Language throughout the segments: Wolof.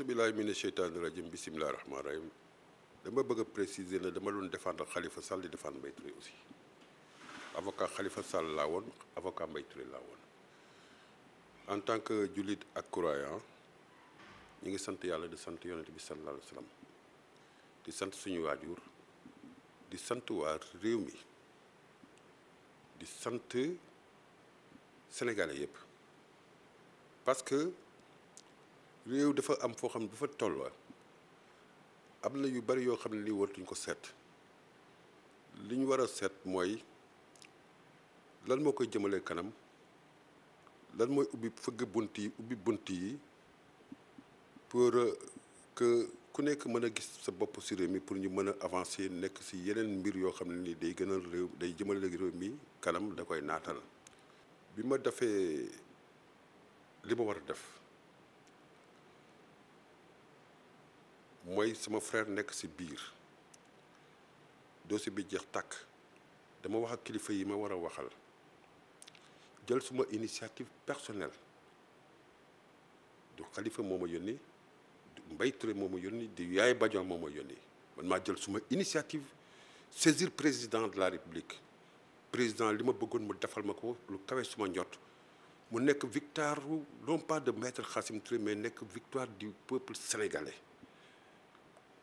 auzu billaahi mina sheytaani rajim bisimilah rahmaani rahim dama bëgg a préciser ne dama doon défendre Khalifa Sall di défendre Mbaye Touré aussi avocat xalifa Sall laa woon avocat Mbaye Touré laa woon en tant que jullit ak croyant ñu ngi sant yàlla di sant yonent bi sallallahu alayhi wa di sant suñu waajur di sant waa réew mi di sant sénégalais yëpp réew dafa am foo xam ne dafa toll am na yu bari yoo xam ne lii wartuñ ko seet li war a seet mooy lan moo koy jëmalee kanam lan mooy ubbi fëgg bunt yi ubbi bunt yi pour euh, ku nekk mën a gis sa bopp si réew mi pour ñu mën a avancer nekk si yeneen mbir yoo xam ne nii day gën a réew day jëmale réew mi kanam da koy naatal bi ma defee li ma war a def C'est mon frère nek ci biir dossier bi jeex tàkk dama wax ak ma initiative personnelle du le moo ma Touré moyenné, du initiative saisir président de la république président li ma mu defal lu victoire non pas de maître Khassim mais victoire du peuple sénégalais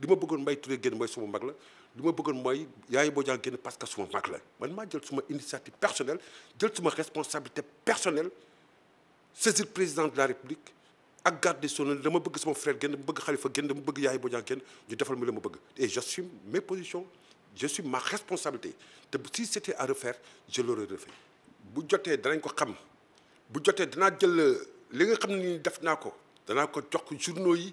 li ma bëggoon Mbaye Touré génn mooy suma mag la li ma bëggoon mooy Yaay Bodian génn parce que suma mag la man maa jël suma initiative personnelle jël suma responsabilité personnelle saisir président de la république ak garde des dama bëgg sama frère génn dama bëgg Khalifa génn dama bëgg Yaay Bodian génn ñu defal ma la ma bëgg et suis mes positions je suis ma responsabilité te si c'était à refaire je aurais refait bu jotee danañ ko xam bu jotee danaa jël li nga xam ni def naa ko danaa ko jox journaux yi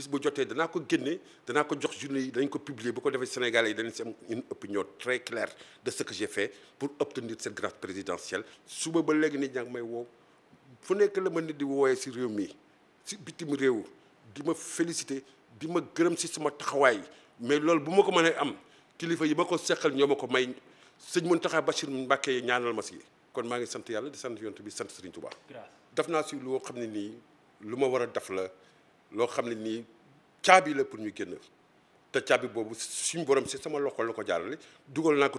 bis bu jotee danaa ko génne danaa ko jox journée dañ ko publier bu ko défé Sénégalais dañ ci am une opinion très claire de ce que j'ai fait pour obtenir cette grâce présidentielle suba ba légui nit ñaa may wo fu nekk la ma nit di woyé ci réew mi ci bitim réew di ma féliciter di ma gërëm ci sama taxaway mais lool bu ma ko am kilifa yi bako sékkal ñomako may sëñ Mountakha Bachir Mbacké ñaanal ma ci kon ma ngi sant yalla di sant yonent bi sant Serigne Touba. daf naa ci loo xam ni luma wara ma def la lo xam ne nii la pour ñu génn te caabi bobu suñu borom si sama loxo la ko jaarale dugal naa ko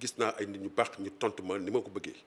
gis na ay nit ñu bax ñu tontu ma ni ma ko bëggee.